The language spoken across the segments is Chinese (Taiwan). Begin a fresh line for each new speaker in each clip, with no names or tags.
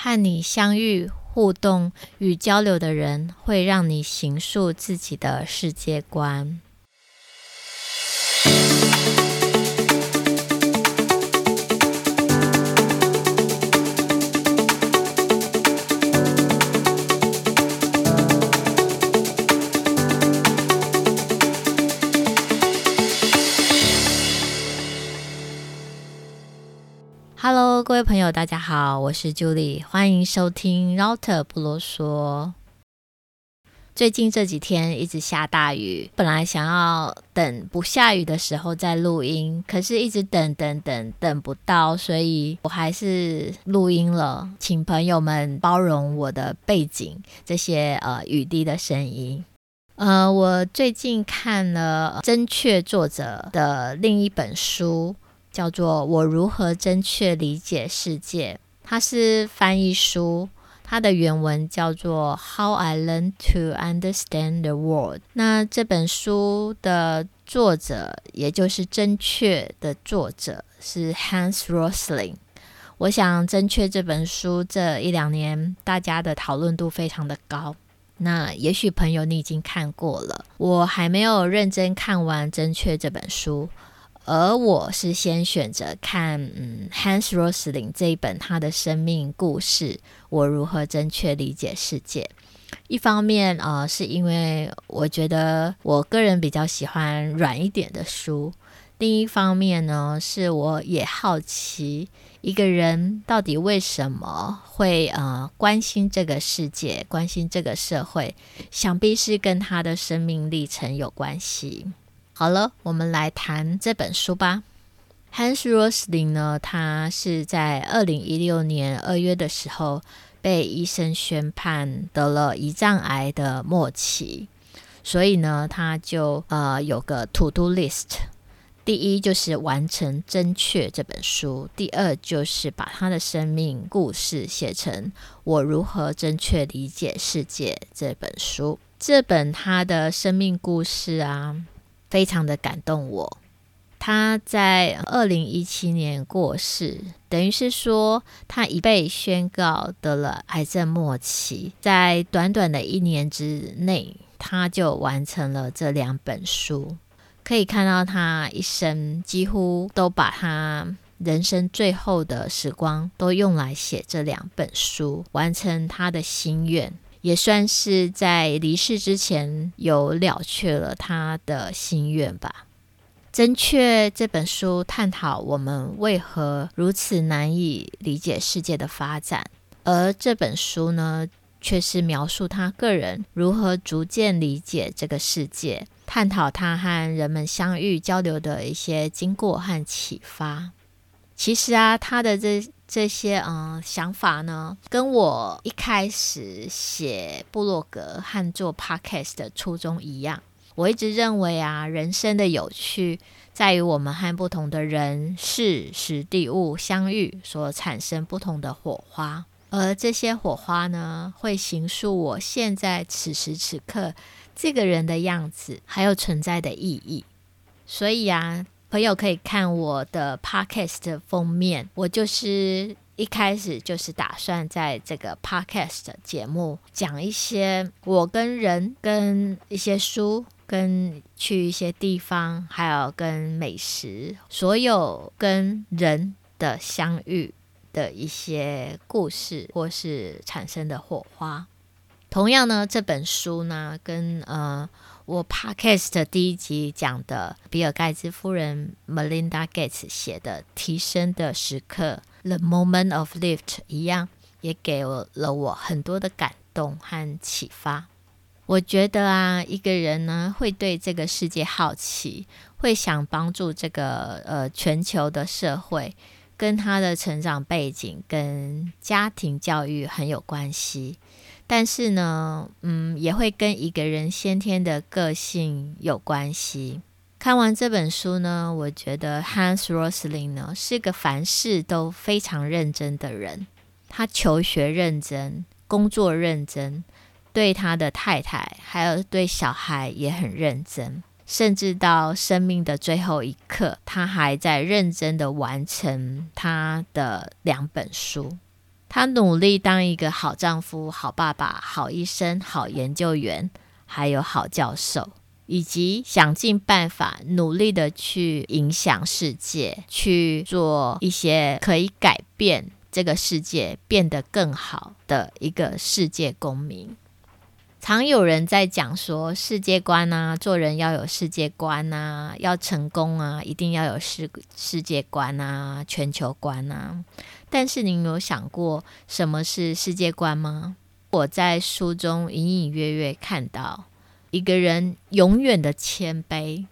和你相遇、互動與交流的人，會讓你形塑自己的世界觀。Hello，各位朋友，大家好，我是 Julie，歡迎收聽 Router 不囉嗦。最近這幾天一直下大雨，本來想要等不下雨的時候再錄音，可是一直等等等等，等不到，所以我還是錄音了，請朋友們包容我的背景，這些呃雨滴的聲音。呃，我最近看了真確作者的另一本書。叫做《我如何真確理解世界》，它是翻譯書，它的原文叫做《How I Learned to Understand the World》。那這本書的作者，也就是《真確》的作者是 Hans Rosling。我想《真確》這本書這一兩年大家的討論度非常的高。那也許朋友你已經看過了，我還沒有認真看完《真確》這本書。而我是先選擇看嗯 Hans Rosling 這一本他的生命故事，我如何真確理解世界。一方面，呃，是因為我覺得我個人比較喜歡軟一點的書；另一方面呢，是我也好奇一個人到底為什麼會呃關心這個世界、關心這個社會，想必是跟他的生命歷程有關係。好了，我們來談這本書吧。Hans Rosling 呢，他是在二零一六年二月的時候被醫生宣判得了胰臟癌的末期，所以呢，他就呃有個 to do list，第一就是完成《真確》這本書，第二就是把他的生命故事寫成《我如何真確理解世界》這本書。這本他的生命故事啊。非常的感動我，他在二零一七年過世，等於是說他已被宣告得了癌症末期，在短短的一年之內，他就完成了這兩本書，可以看到他一生幾乎都把他人生最後的時光都用來寫這兩本書，完成他的心願。也算是在離世之前有了卻了他的心願吧。《真確》這本書探討我們為何如此難以理解世界的發展，而這本書呢，卻是描述他個人如何逐漸理解這個世界，探討他和人們相遇交流的一些經過和啟發。其實啊，他的這這些嗯、呃、想法呢，跟我一開始寫部落格和做 podcast 的初衷一樣。我一直認為啊，人生的有趣在於我們和不同的人、事、時、地、物相遇，所產生不同的火花。而這些火花呢，會形塑我現在此時此刻這個人的樣子，還有存在的意義。所以啊。朋友可以看我的 podcast 封面，我就是一開始就是打算在這個 podcast 節目講一些我跟人、跟一些書、跟去一些地方，還有跟美食，所有跟人的相遇的一些故事，或是產生的火花。同樣呢，這本書呢，跟呃我 podcast 的第一集講的比爾蓋茨夫人 Melinda Gates 寫的《提升的時刻 The Moment of Lift》一樣，也給了我很多的感動和啟發。我覺得啊，一個人呢，會對這個世界好奇，會想幫助這個呃全球的社會，跟他的成長背景跟家庭教育很有關係。但是呢，嗯，也會跟一個人先天的個性有關係。看完這本書呢，我覺得 Hans Rosling 呢，是個凡事都非常認真的人。他求學認真，工作認真，對他的太太還有對小孩也很認真，甚至到生命的最後一刻，他還在認真的完成他的兩本書。他努力當一個好丈夫、好爸爸、好醫生、好研究員，還有好教授，以及想盡辦法努力的去影響世界，去做一些可以改變這個世界變得更好的一個世界公民。常有人在講說世界觀啊，做人要有世界觀啊，要成功啊，一定要有世世界觀啊，全球觀啊。但是您有想過什麼是世界觀嗎？我在書中隱隱約約看到，一個人永遠的謙卑，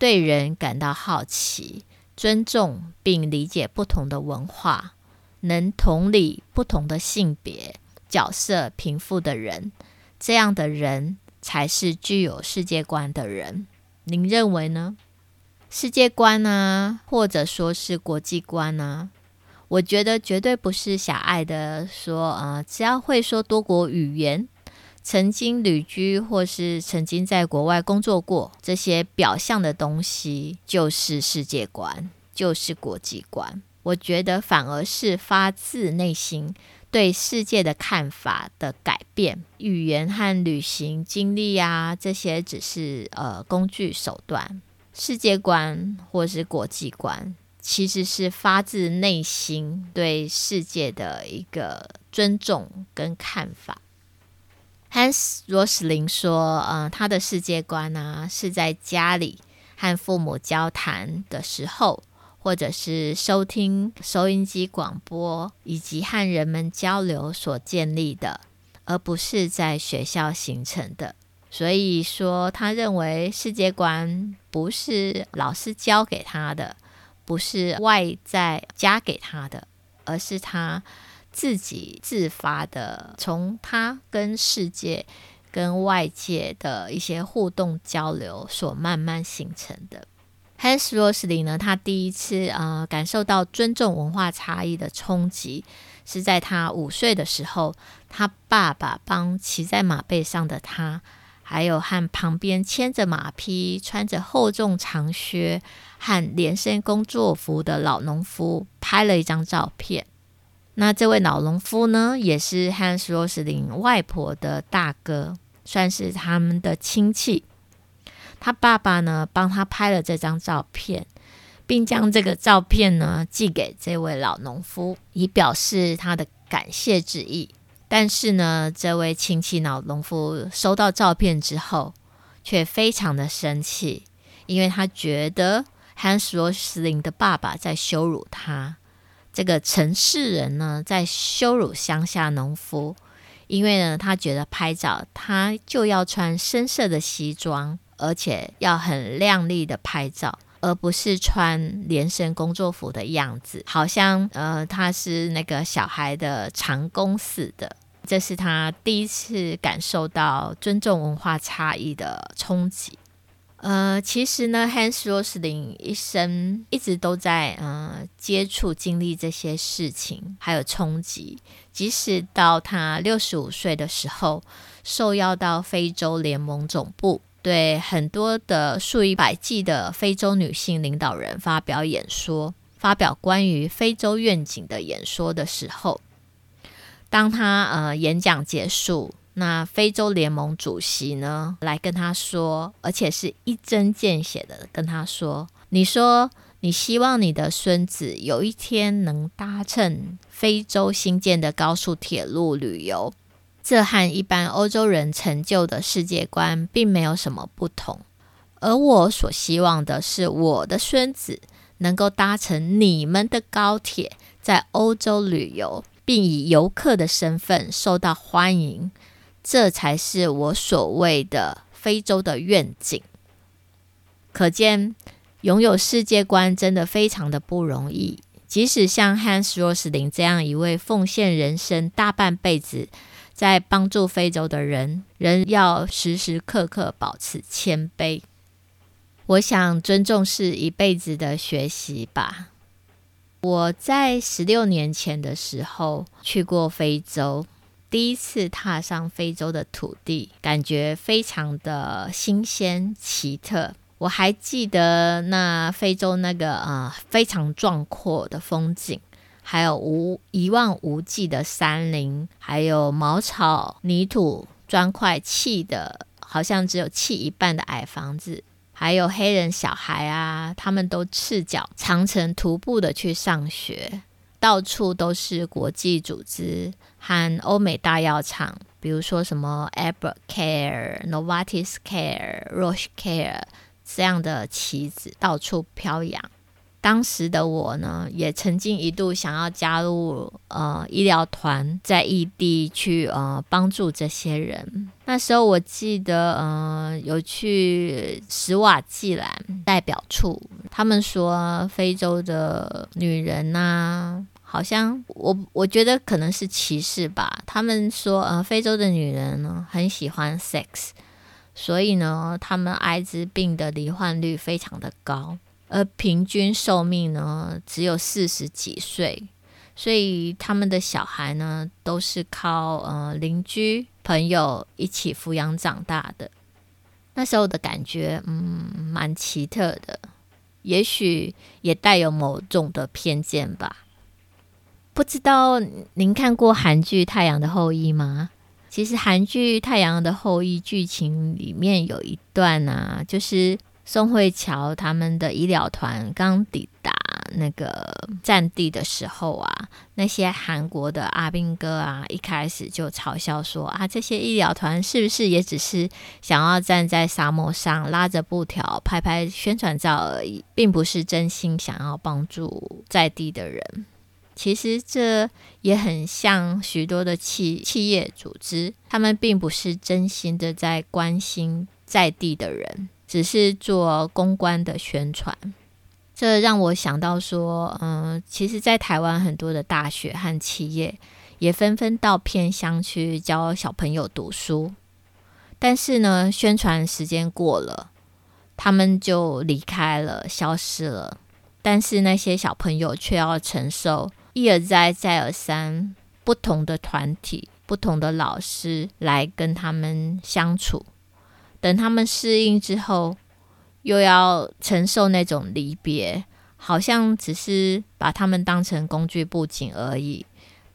對人感到好奇、尊重，並理解不同的文化，能同理不同的性別、角色、貧富的人。這樣的人才是具有世界觀的人，您認為呢？世界觀呢、啊，或者說是國際觀呢、啊？我覺得絕對不是狹隘的說，啊、呃，只要會說多國語言，曾經旅居或是曾經在國外工作過，這些表象的東西就是世界觀，就是國際觀。我覺得反而是發自內心對世界的看法的改變，語言和旅行經歷啊，這些只是呃工具手段。世界觀或是國際觀，其實是發自內心對世界的一個尊重跟看法。Hans Rosling 說，嗯、呃，他的世界觀呢、啊，是在家裡和父母交談的時候。或者是收聽收音機廣播，以及和人們交流所建立的，而不是在學校形成的。所以說，他認為世界觀不是老師教給他的，不是外在加給他的，而是他自己自發的，從他跟世界、跟外界的一些互動交流所慢慢形成的。Hans Rosling 呢，他第一次呃感受到尊重文化差異的衝擊，是在他五歲的時候。他爸爸幫騎在馬背上的他，還有和旁邊牽着馬匹、穿着厚重長靴和連身工作服的老農夫拍了一張照片。那這位老農夫呢，也是 Hans Rosling 外婆的大哥，算是他們的親戚。他爸爸呢，幫他拍了這張照片，並將這個照片呢寄給這位老農夫，以表示他的感謝之意。但是呢，這位親戚老農夫收到照片之後，卻非常的生氣，因為他覺得漢斯·羅斯林的爸爸在羞辱他，這個城市人呢在羞辱鄉、鄉下農夫。因為呢，他覺得拍照他就要穿深色的西裝。而且要很靚麗的拍照，而不是穿連身工作服的樣子，好像呃他是那個小孩的長工似的。這是他第一次感受到尊重文化差異的衝擊。呃，其實呢，Hans Rosling 一生一直都在嗯、呃、接觸、經歷這些事情，還有衝擊。即使到他六十五歲的時候，受邀到非洲聯盟總部。對很多的數以百計的非洲女性領導人發表演說，發表關於非洲願景的演說的時候，當他呃演講結束，那非洲聯盟主席呢來跟他說，而且是一針見血的跟他說：“你說你希望你的孫子有一天能搭乘非洲新建的高速鐵路旅遊。”這和一般歐洲人成就的世界觀並沒有什麼不同，而我所希望的是，我的孫子能夠搭乘你們的高鐵在歐洲旅遊，並以遊客的身份受到歡迎。這才是我所謂的非洲的願景。可見，擁有世界觀真的非常的不容易。即使像漢斯·羅斯林這樣一位奉獻人生大半輩子。在幫助非洲的人，人要時時刻刻保持謙卑。我想，尊重是一輩子的學習吧。我在十六年前的時候去過非洲，第一次踏上非洲的土地，感覺非常的新鮮奇特。我還記得那非洲那個啊，呃，非常壯闊的風景。還有無一望無際的山林，還有茅草、泥土、磚塊砌的，好像只有砌一半的矮房子，還有黑人小孩啊，他們都赤腳，長程徒步的去上學，到處都是國際組織和歐美大藥廠，比如說什麼 Abbott Care、Novartis Care、Roche Care 這樣的旗子到處飄揚。當時的我呢，也曾經一度想要加入呃醫療團，在異地去呃幫助這些人。那時候我記得，嗯、呃，有去史瓦濟蘭代表處，他們說非洲的女人吶、啊，好像我我覺得可能是歧視吧。他們說，呃，非洲的女人呢，很喜歡 sex，所以呢，他們艾滋病的罹患率非常的高。而平均壽命呢，只有四十幾歲，所以他們的小孩呢，都是靠呃鄰居朋友一起撫養長大的。那時候的感覺，嗯，蠻奇特的，也許也帶有某種的偏見吧。不知道您看過韓劇《太陽的後裔》嗎？其實韓劇《太陽的後裔》劇情裡面有一段啊，就是。宋慧喬他們的醫療團剛抵達那個戰地的時候啊，那些韓國的阿兵哥啊，一開始就嘲笑說：“啊，這些醫療團是不是也只是想要站在沙漠上拉着布條拍拍宣傳照而已，並不是真心想要幫助在地的人。”其實這也很像許多的企企業組織，他們並不是真心的在關心在地的人。只是做公關的宣傳，這讓我想到說，嗯，其實，在台灣很多的大學和企業也紛紛到偏鄉去教小朋友讀書，但是呢，宣傳時間過了，他們就離開了，消失了，但是那些小朋友卻要承受一而再、再而三不同的團體、不同的老師來跟他們相處。等他們適應之後，又要承受那種離別，好像只是把他們當成工具布景而已，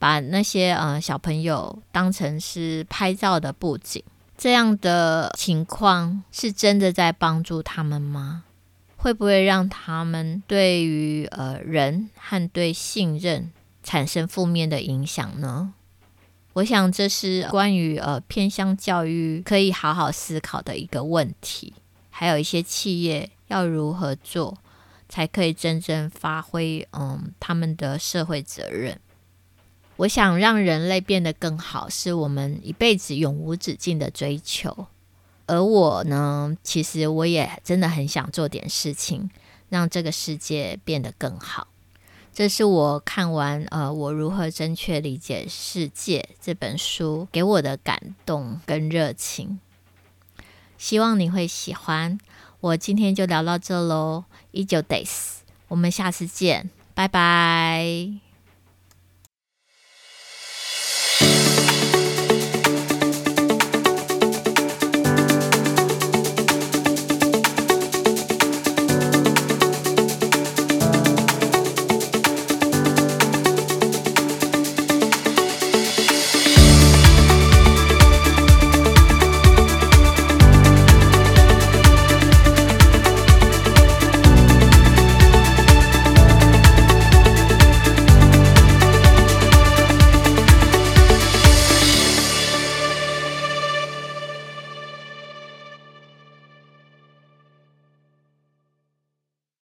把那些呃小朋友當成是拍照的布景，這樣的情況是真的在幫助他們嗎？會不會讓他們對於呃人和對信任產生負面的影響呢？我想，這是關於呃，偏向教育可以好好思考的一個問題，還有一些企業要如何做，才可以真正發揮嗯他們的社會責任。我想讓人類變得更好，是我們一輩子永無止境的追求。而我呢，其實我也真的很想做點事情，讓這個世界變得更好。這是我看完《呃我如何真確理解世界》這本書給我的感動跟熱情，希望你會喜歡。我今天就聊到這嘍，一九 days，我們下次見，拜拜。